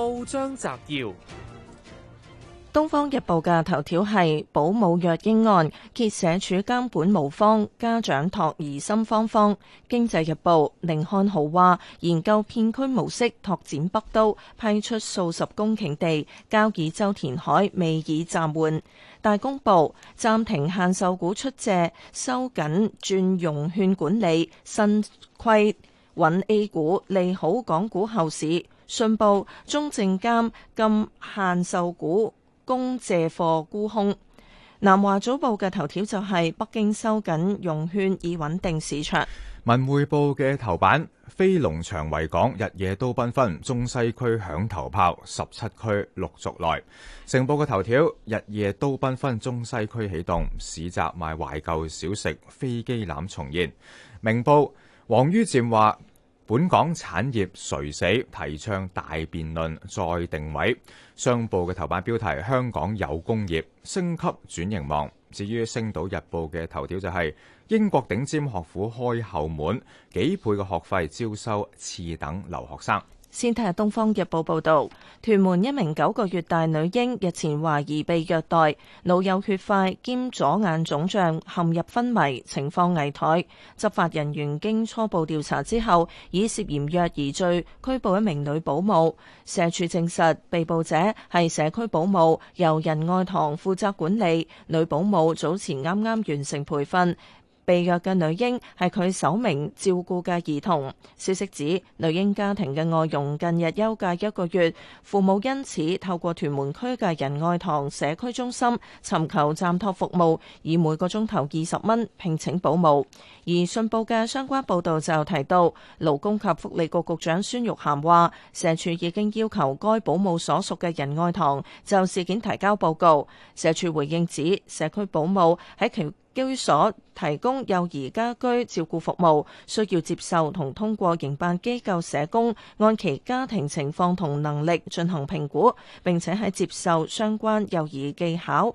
報章摘要：《東方日報》嘅頭條係保母虐嬰案，揭社署監管無方；家長托疑心方方。《經濟日報》寧漢豪話，研究片區模式拓展北都，批出數十公頃地交椅洲填海，未已暫緩。《大公報》暫停限售股出借，收緊轉融券管理，新規穩 A 股利好港股後市。信報中證監禁限售股供借貨沽空。南華早報嘅頭條就係北京收緊融券以穩定市場。文匯報嘅頭版，飛龍長為港日夜都繽紛，中西區響頭炮，十七區陸續來。成報嘅頭條，日夜都繽紛，中西區起動市集賣懷舊小食，飛機欖重現。明報王于漸話。本港產業垂死？提倡大辯論，再定位。商報嘅頭版標題：香港有工業，升級轉型忙。至於《星島日報》嘅頭條就係英國頂尖學府開後門，幾倍嘅學費招收次等留學生。先睇下《東方日報》報道，屯門一名九個月大女嬰日前懷疑被虐待，腦有血塊兼左眼腫脹，陷入昏迷，情況危殆。執法人員經初步調查之後，以涉嫌虐兒罪拘捕一名女保姆。社署證實，被捕者係社區保姆，由仁愛堂負責管理。女保姆早前啱啱完成培訓。被虐嘅女嬰係佢首名照顧嘅兒童。消息指女嬰家庭嘅外傭近日休假一個月，父母因此透過屯門區嘅仁愛堂社區中心尋求暫託服務，以每個鐘頭二十蚊聘請保姆。而信報嘅相關報道就提到，勞工及福利局局長孫玉菡話社署已經要求該保姆所屬嘅仁愛堂就事件提交報告。社署回應指，社區保姆喺其居所提供幼兒家居照顧服務，需要接受同通過營辦機構社工，按其家庭情況同能力進行評估，並且喺接受相關幼兒技巧、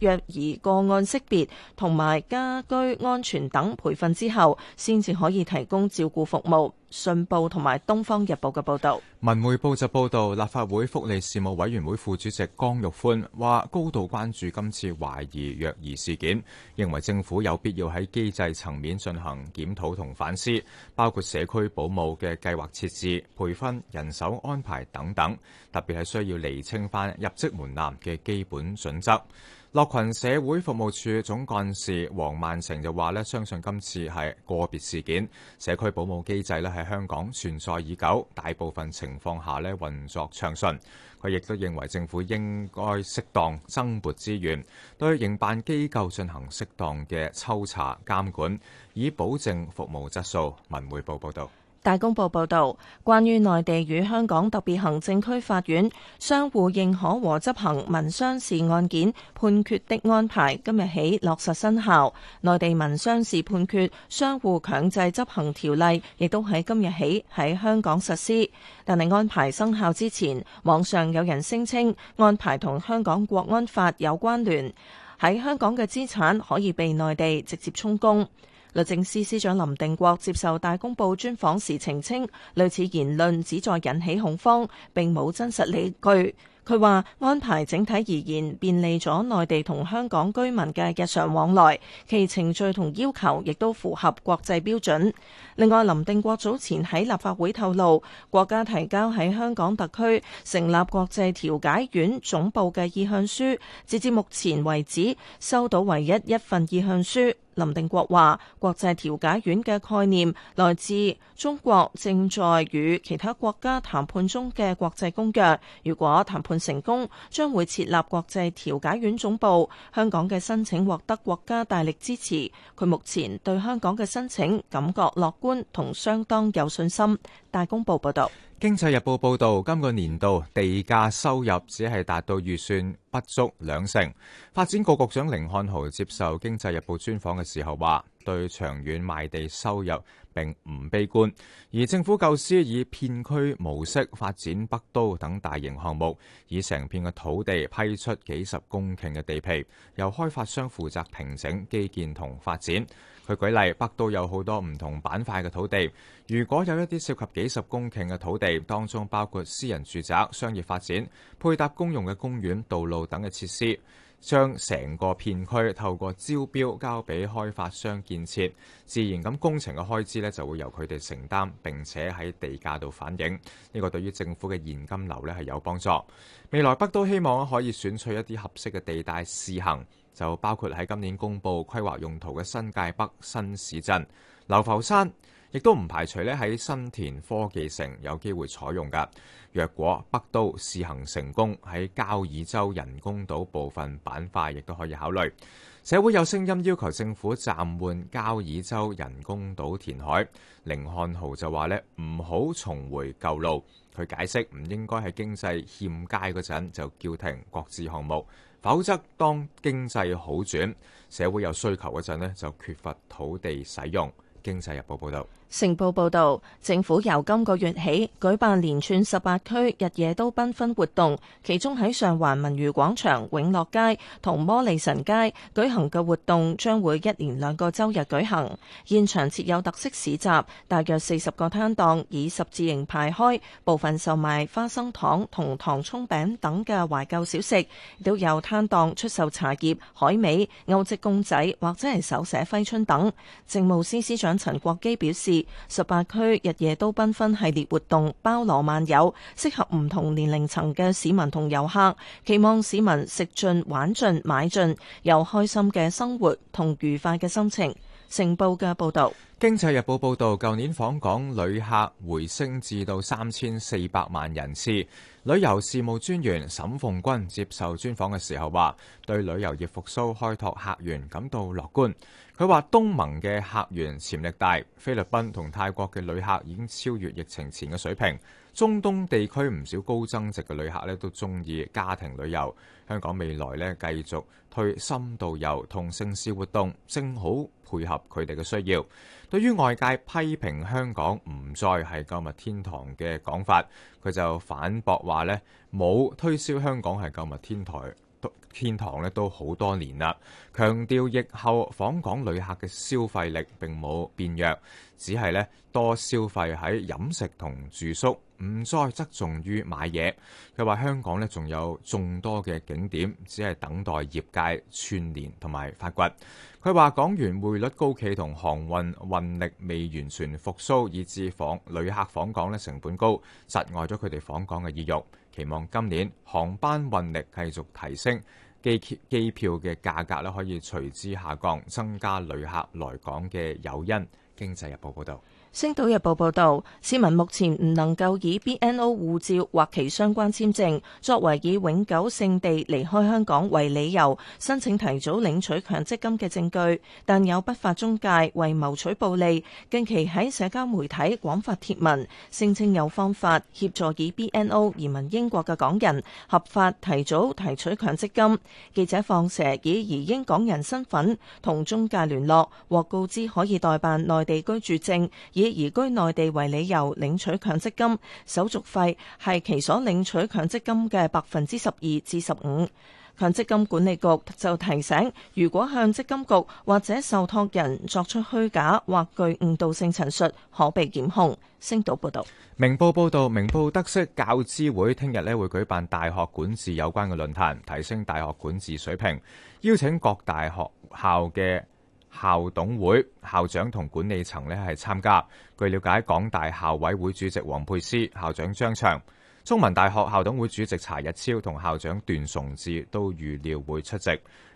虐兒個案識別同埋家居安全等培訓之後先至可以提供照顧服務。信報同埋《東方日報》嘅報道。文匯報就報道，立法會福利事務委員會副主席江玉歡話，高度關注今次懷疑虐兒事件，認為政府有必要喺機制層面進行檢討同反思，包括社區保姆嘅計劃設置、培訓、人手安排等等，特別係需要釐清翻入職門檻嘅基本準則。樂群社會服務處總幹事黃萬成就話呢：相信今次係個別事件，社區保姆機制呢，喺香港存在已久，大部分情況下呢，運作暢順。佢亦都認為政府應該適當增撥資源，對營辦機構進行適當嘅抽查監管，以保證服務質素。文匯報報道。大公報報導，關於內地與香港特別行政區法院相互認可和執行民商事案件判決的安排，今日起落實生效。內地民商事判決相互強制執行條例亦都喺今日起喺香港實施。但係安排生效之前，網上有人聲稱安排同香港國安法有關聯，喺香港嘅資產可以被內地直接充公。律政司司長林定國接受大公報專訪時澄清，類似言論旨在引起恐慌，並冇真實理據。佢話安排整體而言便利咗內地同香港居民嘅日常往來，其程序同要求亦都符合國際標準。另外，林定國早前喺立法會透露，國家提交喺香港特區成立國際調解院總部嘅意向書，截至目前為止收到唯一一份意向書。林定國話：國際調解院嘅概念來自中國正在與其他國家談判中嘅國際公約。如果談判成功，將會設立國際調解院總部。香港嘅申請獲得國家大力支持。佢目前對香港嘅申請感覺樂觀同相當有信心。大公報報道。經濟日報報道，今個年度地價收入只係達到預算不足兩成。發展局局長甯漢豪接受經濟日報專訪嘅時候話。對長遠賣地收入並唔悲觀，而政府構思以片區模式發展北都等大型項目，以成片嘅土地批出幾十公頃嘅地皮，由開發商負責平整基建同發展。佢舉例，北都有好多唔同板塊嘅土地，如果有一啲涉及幾十公頃嘅土地，當中包括私人住宅、商業發展、配搭公用嘅公園、道路等嘅設施。將成個片區透過招標交俾開發商建設，自然咁工程嘅開支咧就會由佢哋承擔，並且喺地價度反映。呢個對於政府嘅現金流咧係有幫助。未來北都希望可以選取一啲合適嘅地帶試行，就包括喺今年公布規劃用途嘅新界北新市鎮、流浮山。亦都唔排除咧喺新田科技城有機會採用噶。若果北都試行成功，喺交椅洲人工島部分板塊亦都可以考慮。社會有聲音要求政府暫緩交椅洲人工島填海。甯漢豪就話，呢唔好重回舊路。佢解釋唔應該喺經濟欠佳嗰陣就叫停國字項目，否則當經濟好轉，社會有需求嗰陣咧就缺乏土地使用。經濟日報報道。成報報導，政府由今個月起舉辦連串十八區日夜都繽紛活動，其中喺上環文娛廣場、永樂街同摩利臣街舉行嘅活動將會一連兩個周日舉行。現場設有特色市集，大約四十個攤檔以十字形排開，部分售賣花生糖同糖葱餅等嘅懷舊小食，亦都有攤檔出售茶葉、海味、歐籍公仔或者係手寫揮春等。政務司司長陳國基表示。十八區日夜都繽紛系列活動包羅萬有，適合唔同年齡層嘅市民同遊客，期望市民食盡、玩盡、買盡，有開心嘅生活同愉快嘅心情。成報嘅報導，《經濟日報》報導，舊年訪港旅客回升至到三千四百萬人次。旅遊事務專員沈鳳君接受專訪嘅時候話，對旅遊業復甦開拓客源感到樂觀。佢話：東盟嘅客源潛力大，菲律賓同泰國嘅旅客已經超越疫情前嘅水平。中東地區唔少高增值嘅旅客呢，都中意家庭旅遊。香港未來呢繼續推深度遊同盛事活動，正好配合佢哋嘅需要。對於外界批評香港唔再係購物天堂嘅講法，佢就反駁話呢冇推銷香港係購物天堂，天堂呢都好多年啦。強調疫後訪港旅客嘅消費力並冇變弱，只係呢多消費喺飲食同住宿。唔再側重於買嘢。佢話香港呢仲有眾多嘅景點，只係等待業界串聯同埋發掘。佢話港元匯率高企同航運運力未完全復甦，以致訪旅客訪港咧成本高，窒礙咗佢哋訪港嘅意欲。期望今年航班運力繼續提升，機機票嘅價格咧可以隨之下降，增加旅客來港嘅誘因。經濟日報報道。星島日報報道，市民目前唔能夠以 BNO 護照或其相關簽證作為以永久性地離開香港為理由申請提早領取強積金嘅證據，但有不法中介為謀取暴利，近期喺社交媒體廣發貼文，聲稱有方法協助以 BNO 移民英國嘅港人合法提早提取強積金。記者放蛇以移英港人身份同中介聯絡，獲告知可以代辦內地居住證。以移居內地為理由領取強積金，手續費係其所領取強積金嘅百分之十二至十五。強積金管理局就提醒，如果向積金局或者受託人作出虛假或具誤導性陳述，可被檢控。星島報道，明報報道，明報得悉，教資會聽日呢會舉辦大學管治有關嘅論壇，提升大學管治水平，邀請各大學校嘅。校董會、校長同管理層咧係參加。據了解，港大校委會主席黃佩斯、校長張翔、中文大學校董會主席查日超同校長段崇智都預料會出席。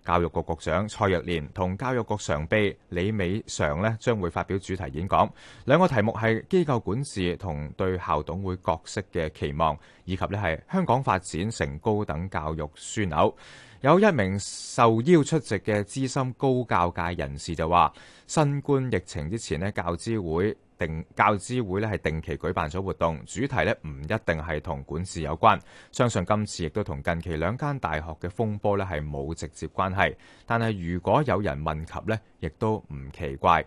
教育局局長蔡若蓮同教育局常秘李美常咧將會發表主題演講，兩個題目係機構管治同對校董會角色嘅期望，以及咧係香港發展成高等教育樞紐。有一名受邀出席嘅資深高教界人士就話：新冠疫情之前咧，教資會定教資會咧係定期舉辦咗活動，主題咧唔一定係同管治有關。相信今次亦都同近期兩間大學嘅風波咧係冇直接關係。但係如果有人問及呢，亦都唔奇怪。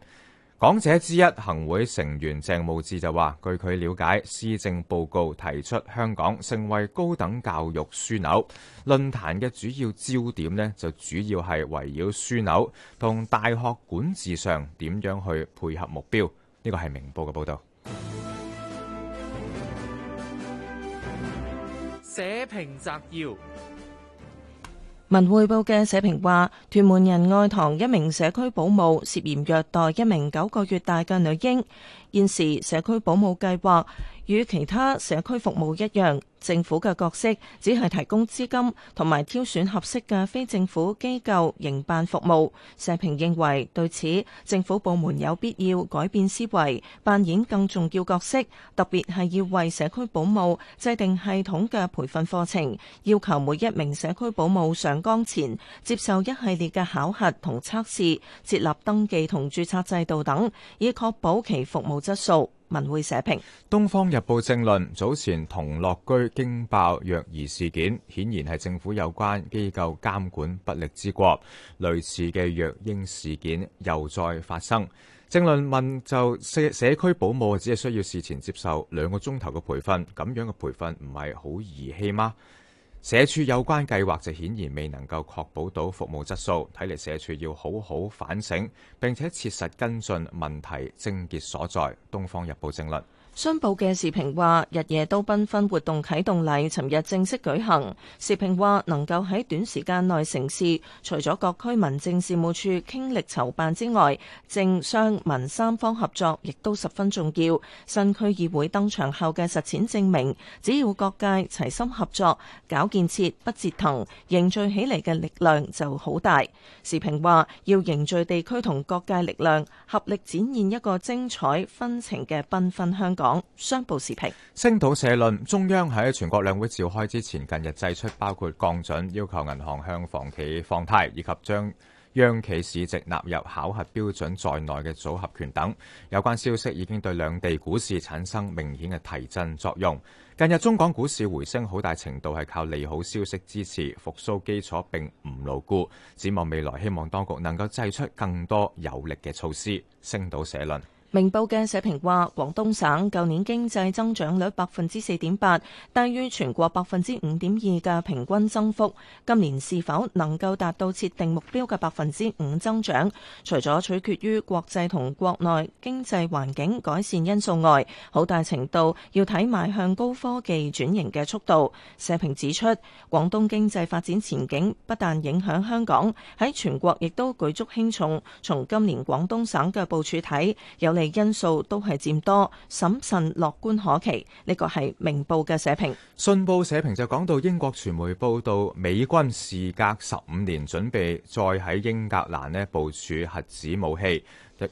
講者之一行會成員鄭慕智就話，據佢了解，施政報告提出香港成為高等教育樞紐，論壇嘅主要焦點呢，就主要係圍繞樞紐同大學管治上點樣去配合目標。呢個係明報嘅報道。社評摘要。文匯報嘅社評話，屯門仁愛堂，一名社區保姆涉嫌虐待一名九個月大嘅女嬰，現時社區保姆計劃與其他社區服務一樣，政府嘅角色只係提供資金同埋挑選合適嘅非政府機構營辦服務。社評認為，對此，政府部門有必要改變思維，扮演更重要角色，特別係要為社區保姆制定系統嘅培訓課程，要求每一名社區保姆上崗前接受一系列嘅考核同測試，設立登記同註冊制度等，以確保其服務質素。文匯社評。《東方日報政論》政論早前同樂居驚爆虐兒事件，顯然係政府有關機構監管不力之過。類似嘅虐嬰事件又再發生。政論問，就社社區保姆只係需要事前接受兩個鐘頭嘅培訓，咁樣嘅培訓唔係好兒戲嗎？社署有關計劃就顯然未能夠確保到服務質素，睇嚟社署要好好反省，並且切實跟進問題症結所在。《東方日報》正論。商報嘅社評話，日夜都繽紛活動啟動禮，尋日正式舉行。社評話，能夠喺短時間內成事，除咗各區民政事務處傾力籌辦之外，政商民三方合作亦都十分重要。新區議會登場後嘅實踐證明，只要各界齊心合作，搞建設不折騰，凝聚起嚟嘅力量就好大。社評話，要凝聚地區同各界力量，合力展現一個精彩紛呈嘅繽紛香港。香港商報視頻，星島社論：中央喺全國兩會召開之前，近日祭出包括降準、要求銀行向房企放貸，以及將央企市值納入考核標準在內嘅組合拳等有關消息，已經對兩地股市產生明顯嘅提振作用。近日中港股市回升好大程度係靠利好消息支持，復甦基礎並唔牢固。展望未來，希望當局能夠祭出更多有力嘅措施。星島社論。明報嘅社評話，廣東省舊年經濟增長率百分之四點八，低於全國百分之五點二嘅平均增幅。今年是否能夠達到設定目標嘅百分之五增長？除咗取決於國際同國內經濟環境改善因素外，好大程度要睇邁向高科技轉型嘅速度。社評指出，廣東經濟發展前景不但影響香港，喺全國亦都舉足輕重。從今年廣東省嘅部署睇，有利。因素都係佔多，審慎樂觀可期。呢、這個係明報嘅社評。信報社評就講到英國傳媒報道，美軍時隔十五年準備再喺英格蘭咧部署核子武器，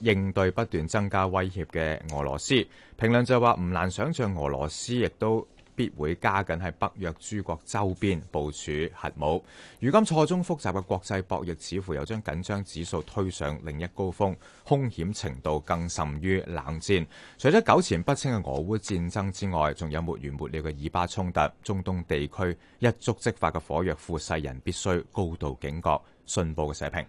應對不斷增加威脅嘅俄羅斯。評論就話唔難想象俄羅斯亦都，必會加緊喺北約諸國周邊部署核武。如今錯綜複雜嘅國際博弈，似乎又將緊張指數推上另一高峰，凶險程度更甚於冷戰。除咗糾纏不清嘅俄烏戰爭之外，仲有沒完沒了嘅以巴衝突、中東地區一觸即發嘅火藥庫，世人必須高度警覺。信報嘅社評。